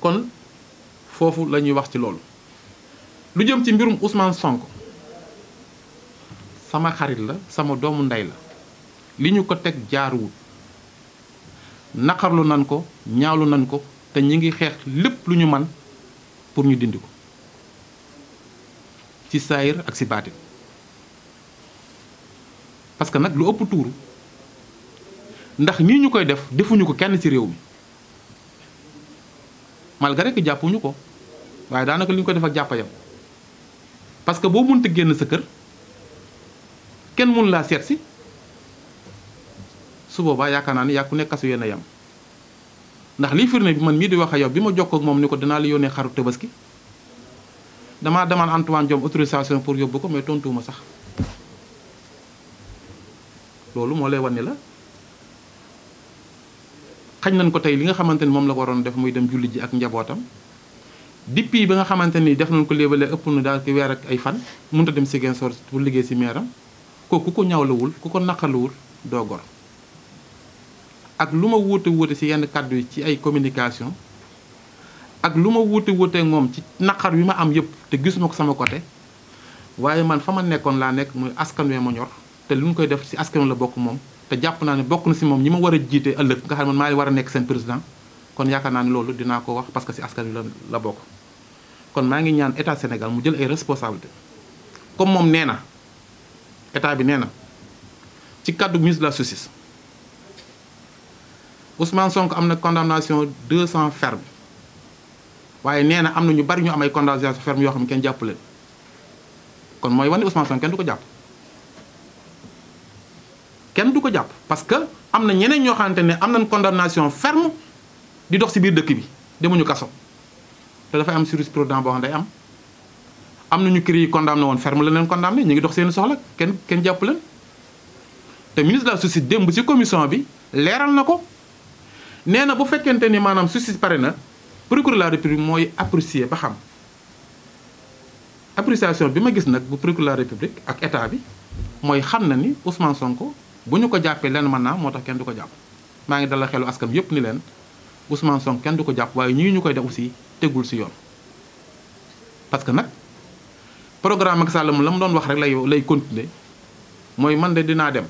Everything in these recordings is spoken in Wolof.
kon fofu la wax ci loolu lu jëm ci mbirum Ousmane Sonko sama xarit la sama doomu nday la liñu ko tek jaaru nakarlu nan ko ñaawlu nan ko te ñi ngi xex lepp luñu man pour ñu dindiko ci sayir ak ci batit parce que nak lu upp tour ndax nii ñukoy def defuñu ko kenn ci malgré que jàppuñu ko waaye daanaka li ñu ko def ak jàppa yam parce que boo mënta génn sa kër kenn mun laa seet si su boobaa yaakaar naa ne yaa ku nekk kasu yéen a yem ndax lii firnde bi man mii di wax a yow bi ma jokkoo ak moom ni ko dinaa la yónnee xaru tabaski damaa demande Antoine Diome autorisation pour yóbbu ko mais tontuwuma sax loolu moo lay wan ni la. xañ nañ ko tey li nga xamante ni moom la waroon def muy dem julli ji ak njabootam depuis bi nga xamante ni def nañ ko léebale ëpp na daal ki weer ak ay fan mënut a dem si Ziguinchor pour liggéey si meeram kooku ko ñawlawul ku ko naqaluwul doo ak lu ma wuute wuute si yenn kàddu yi ci ay communication ak lu ma wuute wuute moom ci naqar bi ma am yëpp te gisuma ko sama côté waaye man fa ma nekkoon laa nekk muy askan wee ma ñor te lu mu koy def si askan la bokk moom te jàpp naa ne bokk na si moom ñi ma war a jiite ëllëg nga xam ne man maa war a nekk seen président kon yaakaar naa ne loolu dinaa ko wax parce que si askan la bokk kon maa ngi ñaan état senegal mu jël ay responsabilité comme moom nee na état bi nee na ci kaddu ministre de la justice Ousmane am na condamnation 200 ferme waaye nee na am na ñu bari ñu am ay condamnation ferme yoo xam ne kenn jàpp leen kon mooy wane Ousmane Sonko kenn du ko jàpp. kenn du ko jàpp parce que am na ñeneen ñoo xamante ne am nañ condamnation ferme di dox ci biir dëkk bi demuñu kaso te dafay am jurisprudence boo xam day am am nañu CREI yi condamné woon ferme la leen condamné ñu ngi dox seen soxla kenn kenn jàpp leen te ministre de la justice démb ci commission bi leeral na ko nee na bu fekkente ni maanaam justice pare na procureur la république mooy apprécier ba xam appréciation bi ma gis nag bu procureur de la république ak état bi mooy xam na ni Ousmane Sonko. bu ñu ko jàppee lenn man naa moo tax kenn du ko jàpp maa ngi dala xelu askan yépp ni leen Ousmane Sonko kenn du ko jàpp waaye ñii ñu koy def aussi tegul si yoon parce que nag programme Macky Sall la mu doon wax rek lay lay continuer mooy man de dinaa dem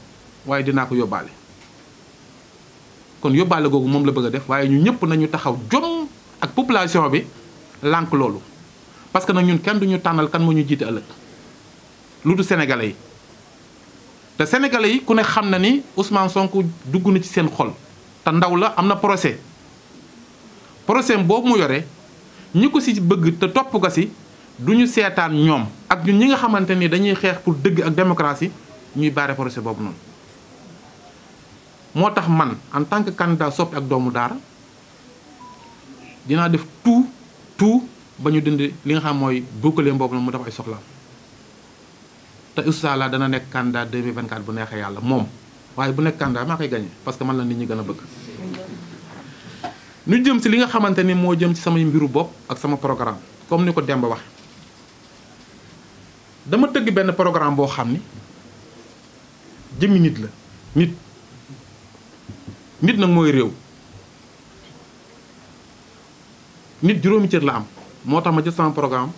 waaye dinaa ko yóbbaale kon yóbbaale googu moom la bëgg a def waaye ñu ñëpp nañu taxaw jom ak population bi lànk loolu parce que nag ñun kenn duñu tànnal kan mu ñu jiite ëllëg lu du sénégalais yi te sénégalais yi ku ne xam na ni Ousmane Sonko dugg na ci seen xol te ndaw la am na procès procès boobu mu yore ñi ko si bëgg te topp ko si duñu seetaan ñoom ak ñun ñi nga xamante ni dañuy xeex pour dëgg ak démocratie ñuy baare procès boobu noonu. moo tax man en tant que candidat Sope ak Doomu Daara dinaa def tout tout ba ñu dindi li nga xam mooy boobu mu def ay soxlaam te Ousta dana nek candidat 2024 bu nexe yalla mom waye bu nek candidat maa koy gagné parce que man la nit ñi gëna bëgg. ñu jëm ci li nga xamanteni mo jëm ci sama mbiru bop ak sama programme comme niko Demba wax dama tëgg ben programme bo xamni jëmi nit la nit nit nak moy rew nit juroomi cër la am motax ma ci sama programme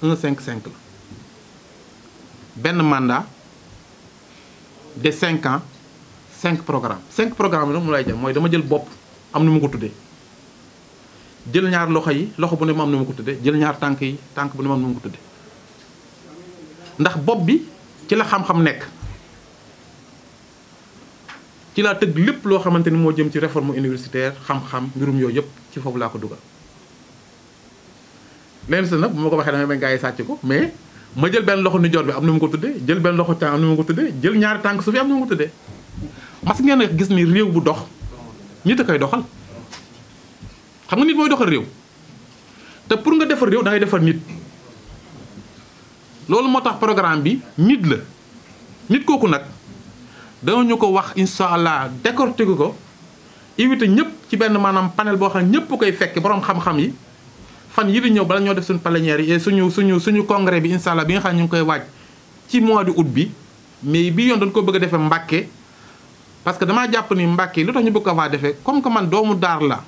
155 la. benn mandat de cinq ans cinq programmes cinq programmes yi nag mu lay jëm mooy dama jël bopp am nu mu ko tuddee jël ñaar loxo yi loxo bu ne ma am nu mu ko tuddee jël ñaar tànk yi tànk bu ne ma am nu mu ko tuddee ndax bopp bi ci la xam-xam nekk ci laa tëgg lépp loo xamante ni moo jëm ci réforme universitaire xam-xam mbirum yooyu yëpp ci foofu laa ko dugal leen si nag bu ma ko waxee damay bañ gaa yi sàcc ko mais. ma jël benn loxo nijoor bi am na mu ko tuddee jël benn loxo caa am na mu ko tuddee jël ñaari tànk suuf yi am na mu ko tuddee mas ngeen gis ni réew bu dox nit a koy doxal xam nga nit mooy doxal réew te pour nga defar réew da ngay defar nit loolu moo tax programme bi nit la nit kooku nag ñu ko wax insha allah décortiquer ko invité ñëpp ci benn maanaam panel boo xam ñëpp koy fekk boroom xam-xam yi fan yi di ñëw bala ñoo def suñu plénière yi et eh, suñu suñu suñu congrès bi incha allah bi nga xam ñu ngi koy waaj ci mois de août bi mais bii yoon dañ ko bëgg defee Mbàkke parce que damaa jàpp ni Mbàkke lu tax ñu bëgg ko faa defee comme que man doomu daar la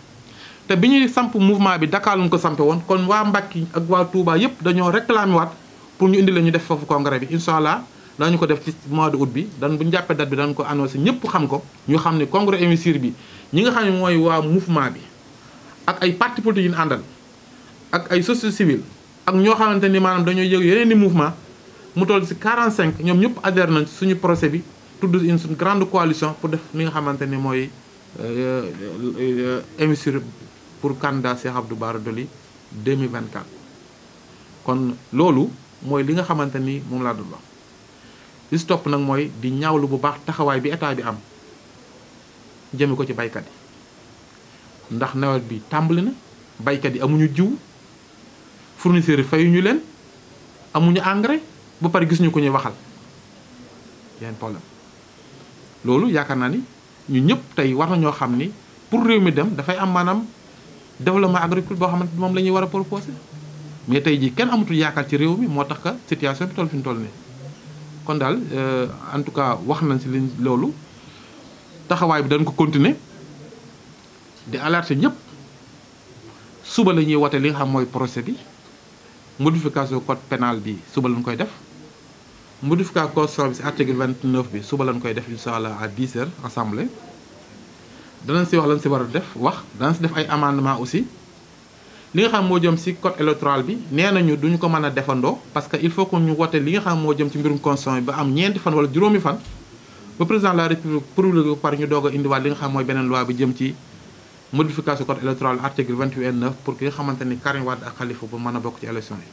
te bi ñuy samp mouvement bi Dakar ko sampe woon kon waa Mbàkke ak waa Touba yépp dañoo réclamé waat pour ñu indi la ñu def foofu congrès bi incha allah dañu ko def ci mois de août bi dan bu ñu jàppee date bi ñëpp xam ko ñu xam ne congrès émissaire bi ñi nga xam ne mooy waa mouvement bi ak ay parti politique yi ñu àndal ak ay société civile ak ño xamanteni manam maanaam yëg yeneen ni mouvement mu toll ci 45 ñom ñep adhère nañ suñu procès bi tuddu une sun grande coalition pour def mi nga xamanteni moy euh investiture pour candidat Cheikh Abdou Bara Doli 2024. kon lolu moy li nga xamanteni mom la do wax li stop nak moy di ñaawlu bu baax taxaway bi état bi am jëme ko ci baykat yi ndax nawet bi tàmbali na baykat yi amuñu jiw fournisseur yi fayu ñu len amuñu engrais ba pare ñu ko ñu waxal yeen problème lolu yaakaar naa ni ñu ñëpp tay war nañu xamni pour réew mi dem fay am manam développement agricole bo xamanteni mom lañuy wara proposer mais tay ji kenn amatu yaakaar ci réew mi motax ka situation bi toll fi toll kon euh en tout cas wax nañ ci liñ bi dañ ko continuer di alerter ñëpp suba lañuy ñuy li xam moy procès bi modification code pénal bi suba lañ koy def modification code service article 29 bi suba lañ koy def inshallah allah à 10 h assemblée danañ si wax lañ si war a def wax danañ si def ay amendement aussi li nga xam moo jëm si code électoral bi nee nañu duñu ko mën a defandoo parce que il faut que ñu wote li nga xam moo jëm ci mbirum constitution bi ba am ñeenti fan wala juróomi fan ba président de la république promulgué par ñu doog a indiwaat li nga xam mooy beneen loi bi jëm ci modification code électoral article 28.9 pour que nga xamante ni Karim Wade ak Khalifa ba mën a bokk ci élection yi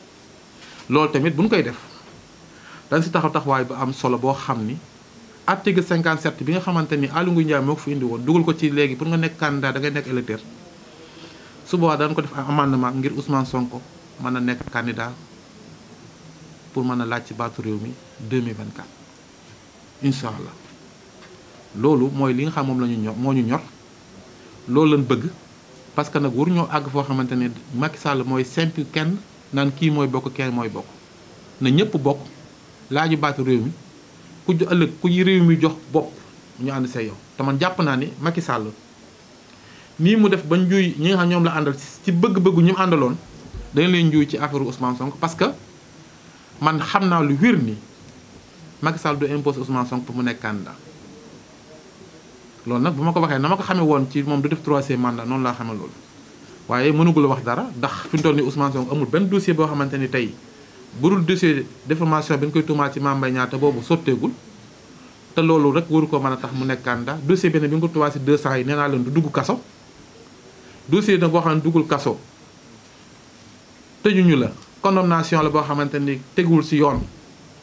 loolu tamit bu ñu koy def dañ si taxaw taxawaay ba am solo boo xam article 57 bi nga xamante ni Aly Ngouille Ndiaye moo ko fi indi woon dugal ko ci léegi pour nga nekk candidat da ngay nekk électeur su boobaa dañ ko def amendement ngir Ousmane Sonko mën a candidat pour mi 2024 incha allah loolu mooy li nga xam moom ñor ñor loolu lañ bëgg parce que nag waruñoo àgg foo xamante ne Macky sàll mooy simple kenn naan kii mooy bokk kenn mooy bokk na ñëpp bokk laaju baatu réew mi ku ju ëllëg ku réew mi jox bopp ñu ànd see te man jàpp naa ne Macky sàll nii mu def ba njuuy ñi nga xam ñoom la àndal ci bëgg-bëggu ñu àndaloon dañ leen njuuy ci affaire Ousmane Sonko parce que man xam naa lu wér ni Macky Sall du imposé Ousmane Sonko pour mu nekk candidat loolu nag bu ma ko waxee na ma ko xamee woon ci moom du def troisième mandat noonu laa xamee loolu waaye mënugula wax dara ndax fi ñu toll ni Ousmane amul benn dossier boo xamante ni tey budul dossier déformation bi ñu koy tuumaat ci Mame Mbaye Niang boobu sotteegul te loolu rek waru ko mën a tax mu nekkaat ndax candidat dossier benn bi ñu ko tuumaat ci 200 yi nee naa leen du dugg kaso dossier nag boo xam ne duggul kaso tëjuñu la condamnation la boo xamante ni teguwul ci yoon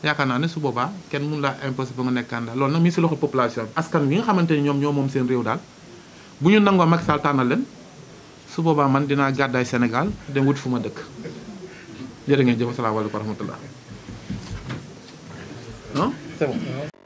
yaakaar naa ne su boobaa kenn mun laa imposé ba nga nekkaan candidat loolu nag mi si loxo population bi askan wi nga xamante ni ñoom ñoo moom seen réew daal bu ñu nangoo Macky Sall tànnal leen su boobaa man dinaa gàddaay Sénégal dem wut fu ma dëkk jërë ngeen jëf asalaamaaleykum wa rahmatullah non ah? c'est bon